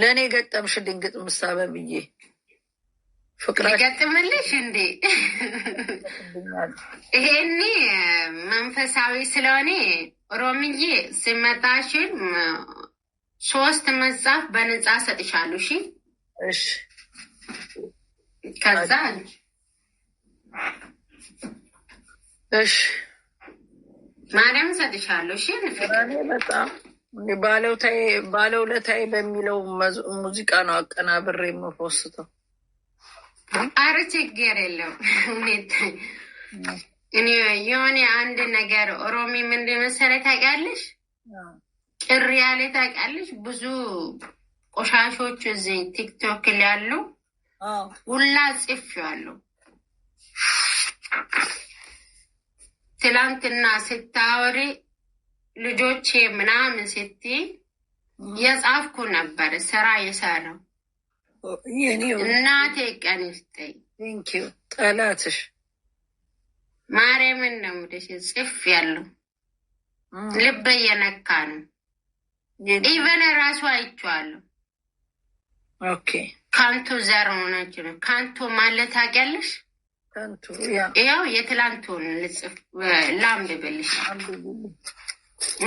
ለእኔ ገጠምሽ ድንግጥ ምሳበ ብዬ ፍቅር እንዴ? ይሄኒ መንፈሳዊ ስለሆነ ሮምዬ ሲመጣሽን ሶስት መጽሐፍ በነጻ ሰጥሻሉ። እሺ ከዛ እሺ ማርያም ሰጥሻሉ። እሺ በጣም ባለውለታዬ በሚለው ሙዚቃ ነው አቀናብር የምፖስተው። አረ ችግር የለው። እኔ የሆነ አንድ ነገር ኦሮሚ ምንድን መሰለህ ታውቂያለሽ? ቅር ያለ ታውቂያለሽ? ብዙ ቆሻሾች እዚህ ቲክቶክ ላይ ያሉ ሁላ ጽፌዋለሁ። ትላንትና ስታወሪ ልጆቼ ምናምን ስትይ የጻፍኩ ነበር ስራ የሰራው እናቴ ቀን ስጠኝ ጠላትሽ ማርያምን ነው ምደሽ ጽፍ ያለው ልብ እየነካ ነው። ኢቨን ራሱ አይቼዋለሁ። ከንቱ ዘር ሆናች ነው። ከንቱ ማለት ታውቂያለሽ? ያው የትላንቱን ልጽፍ ላምድ ብልሽ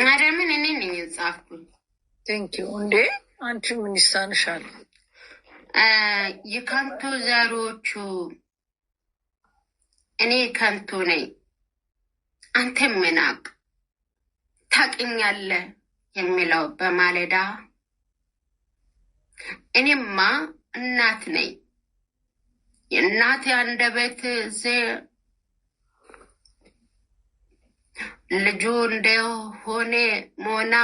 ማርያምን እኔ ነኝ የጻፍኩት። ቴንኪው እንዴ አንቺ ምን ይሳንሻል? የከንቱ ዘሮቹ እኔ ከንቱ ነኝ፣ አንተ ምናቅ ታቅኛለ የሚለው በማለዳ እኔማ እናት ነኝ የእናቴ አንደበት ልጁ እንደሆነ ሞና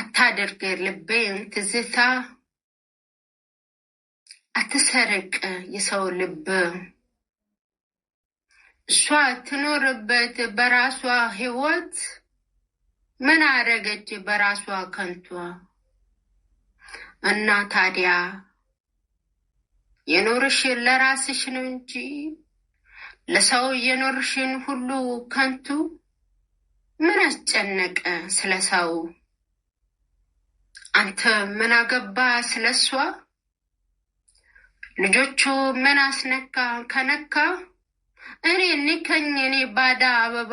አታደርግ ልቤን ትዝታ አትሰርቅ የሰው ልብ እሷ ትኖርበት በራሷ ህይወት ምን አረገች በራሷ ከንቷ እና ታዲያ የኖርሽ ለራስሽ ነው እንጂ ለሰው የኖርሽን ሁሉ ከንቱ ምን አስጨነቀ ስለ ሰው አንተ ምን አገባ ስለ እሷ ልጆቹ ምን አስነካ ከነካ እኔ ንከኝ እኔ ባዳ አበባ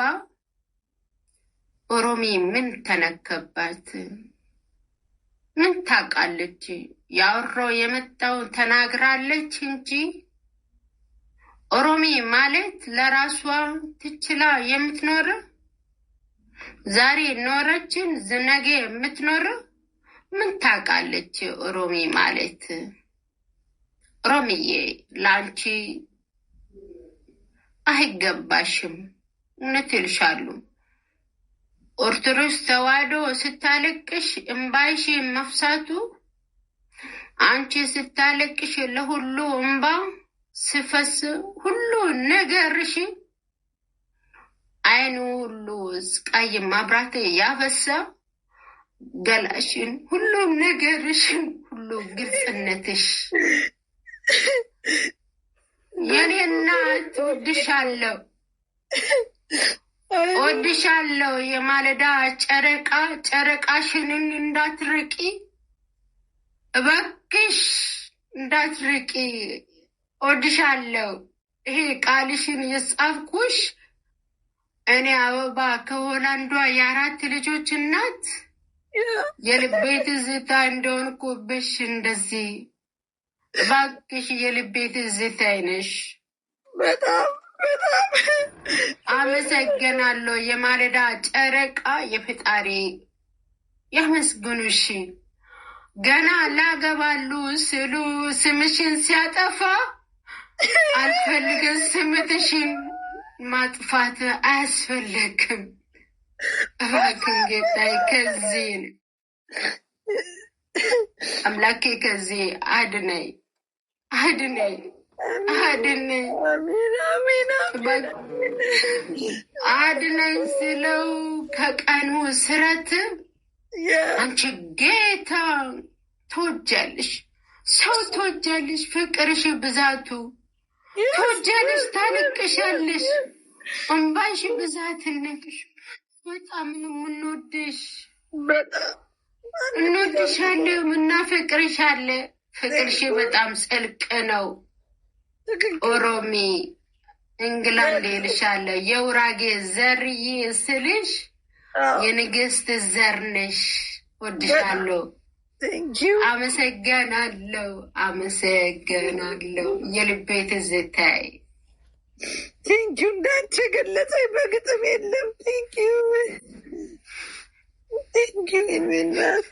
ኦሮሚ ምን ተነከባት ምን ታውቃለች? ያወራው የመጣው ተናግራለች እንጂ ኦሮሚ ማለት ለራሷ ትችላ የምትኖር ዛሬ ኖረችን ዝነጌ የምትኖር ምን ታውቃለች? ኦሮሚ ማለት ኦሮሚዬ ለአንቺ አይገባሽም። እውነት ይልሻሉ። ኦርቶዶክስ ተዋህዶ ስታለቅሽ እምባይሽ መፍሳቱ አንቺ ስታለቅሽ ለሁሉ እምባ ስፈስ ሁሉ ነገር እሺ አይኑ ሁሉ ቀይ ማብራት ያበሳ ገላሽን ሁሉም ሽ ሁሉ ግልጽነትሽ የኔ እናት ወድሻለሁ ወድሻለሁ የማለዳ ጨረቃ ጨረቃሽንን እንዳትርቂ እባክሽ እንዳትርቂ እወድሻለሁ። ይሄ ቃልሽን የጻፍኩሽ እኔ አበባ ከሆላንዷ የአራት ልጆች እናት የልቤ ትዝታ እንደሆንኩብሽ እንደዚህ እባክሽ የልቤ ትዝታ አይነሽ። በጣም አመሰግናለሁ። የማለዳ ጨረቃ የፈጣሪ ያመስግኑሽ። ገና ላገባሉ ስሉ ስምሽን ሲያጠፋ አልፈልግም። ስምትሽን ማጥፋት አያስፈለግም። እባክን ጌታዬ ከዚህ አምላኬ ከዚህ አድነኝ፣ አድነኝ፣ አድነኝ፣ አድነኝ ስለው ከቀኑ ስረት አንቺ ጌታ ትወጃለሽ፣ ሰው ትወጃለሽ፣ ፍቅርሽ ብዛቱ ትወጃለሽ፣ ታለቅሻለሽ፣ እንባሽ ብዛትነትሽ በጣም ነው የምንወድሽ፣ እንወድሻለን፣ እናፈቅርሻለን። ፍቅርሽ በጣም ጽልቅ ነው። ኦሮሚ እንግላንድ ይልሻለ የውራጌ ዘርዬ ስልሽ የንግስት ዘር ዘርነሽ ወድሻለሁ። አመሰገናለሁ፣ አመሰገናለሁ። የልቤ ትዝታይ ቴንኪዩ። እንዳንቺ ገለጸ በግጥም የለም። ቴንኪዩ፣ ቴንኪዩ፣ የሚናት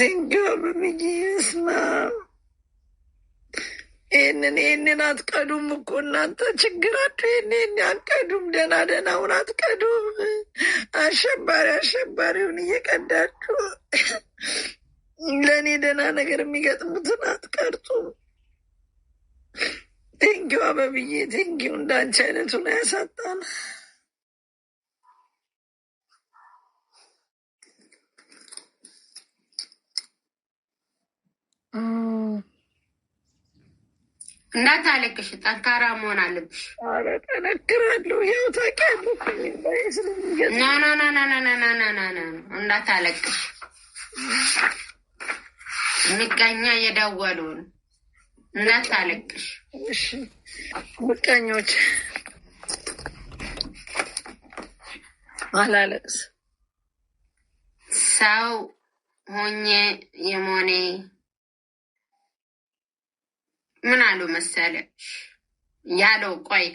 ቴንኪዩ። በምጊ ስማ ይህንን ይህንን አትቀዱም እኮ እናንተ ችግራችሁ ይህን ይህን አትቀዱም። ደህና ደህናውን አትቀዱም። አሸባሪ አሸባሪውን እየቀዳችሁ ለእኔ ደህና ነገር የሚገጥሙትን አትቀርጡም። ቴንኪው አበብዬ ቴንኪው። እንዳንቺ አይነቱን አያሳጣናል። እንዳታለቅሽ ጠንካራ መሆን አለብሽ። እንዳታለቅሽ ምቀኛ እየደወሉን እንዳታለቅሽ። ምቀኞች አላለቅስ ሰው ሆኜ የሞኔ ምን አሉ መሰለ ያለው ቆይ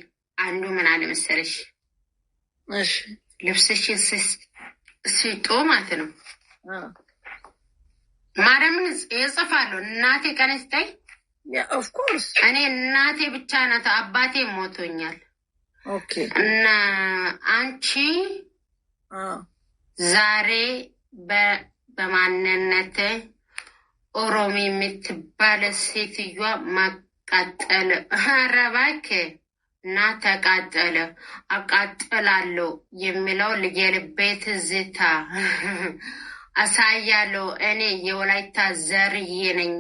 አንዱ ምን አለ መሰለሽ ልብስሽን ሲጦ ማለት ነው ማርያምን ይጽፋሉ እናቴ ቀነስጠኝ ኦፍኮርስ እኔ እናቴ ብቻ ናት አባቴ ሞቶኛል እና አንቺ ዛሬ በማንነት ኦሮሚ የምትባል ሴትዮዋ ማቃጠለ ረባክ እና ተቃጠለ አቃጥላለሁ የሚለው የልቤ ትዝታ አሳያለሁ። እኔ የወላይታ ዘርዬ ነኝ።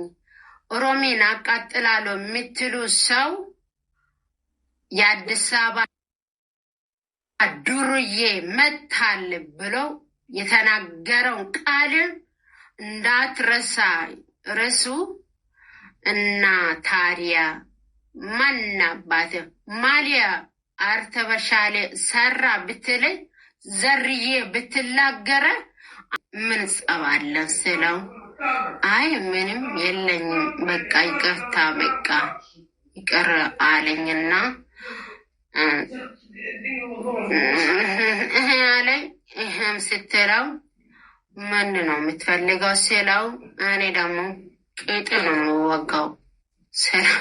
ኦሮሚን አቃጥላለሁ የምትሉ ሰው የአዲስ አበባ ዱርዬ መታል ብሎ የተናገረውን ቃል እንዳትረሳ። ርሱ እና ታሪያ ማን አባት ማሊያ አርተበሻሌ ሰራ ብትል ዘርዬ ብትላገረ ምን ጸባለን ስለው አይ ምንም የለኝም በቃ ይቅርታ በቃ ይቅር አለኝና አለኝ ይህም ስትለው ምን ነው የምትፈልገው ስለው እኔ ደግሞ ቅጥ ነው የምወጋው ስለው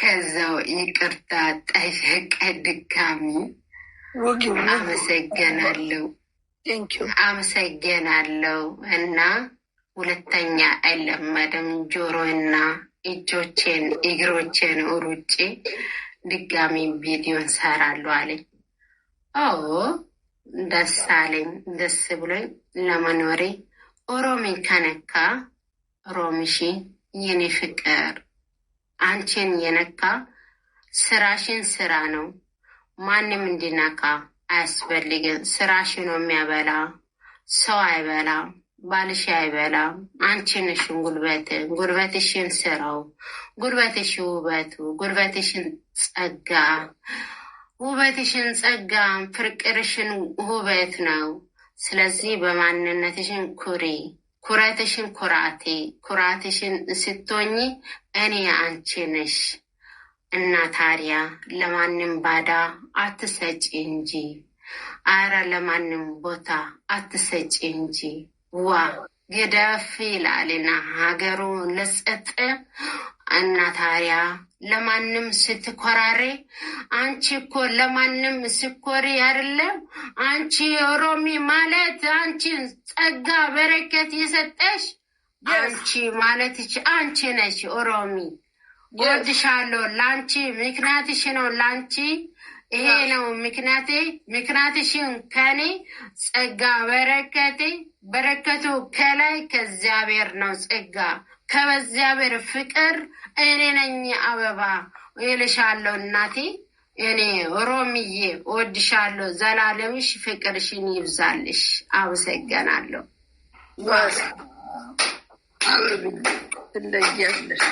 ከዛው ይቅርታ ጠየቀ ድጋሚ። አመሰገናለሁ አመሰገናለሁ እና ሁለተኛ አይለመድም። ጆሮና እጆቼን እግሮቼን ሩጬ ድጋሚ ቪዲዮ እንሰራለሁ አለኝ። ኦ ደስ አለኝ፣ ደስ ብሎኝ ለመኖሪ ኦሮሚን ከነካ ሮሚሺ የኔ ፍቅር አንቺን የነካ ስራሽን ስራ ነው። ማንም እንዲነካ አያስፈልግን ስራሽ ነው የሚያበላ ሰው አይበላ፣ ባልሽ አይበላ። አንቺንሽን ጉልበት ጉልበትሽን ስራው፣ ጉልበትሽ ውበቱ፣ ጉልበትሽን ጸጋ፣ ውበትሽን ጸጋ፣ ፍርቅርሽን ውበት ነው። ስለዚህ በማንነትሽን ኩሪ። ኩረትሽን ኩራቴ ኩራትሽን ስትሆኚ እኔ አንቺ ነሽ። እና ታዲያ ለማንም ባዳ አትሰጪ እንጂ፣ አረ ለማንም ቦታ አትሰጪ እንጂ። ዋ ግደፍ ይላልና ሀገሩ ለጸጥ እና ታዲያ ለማንም ስትኮራሬ አንቺ እኮ ለማንም ስኮሪ አይደለም። አንቺ ኦሮሚ ማለት አንቺ ጸጋ በረከት የሰጠሽ አንቺ ማለት አንቺ ነሽ። ኦሮሚ ወድሻለሁ። ለአንቺ ምክንያትሽ ነው። ለአንቺ ይሄ ነው ምክንያቴ። ምክንያትሽን ከኔ ጸጋ በረከቴ በረከቱ ከላይ ከእግዚአብሔር ነው ጸጋ ከበዚያብሔር ፍቅር እኔ ነኝ አበባ እልሻለሁ እናቴ እኔ ሮምዬ ወድሻለሁ። ዘላለምሽ ፍቅርሽን ይብዛልሽ። አመሰግናለሁ። ትለያለሽ።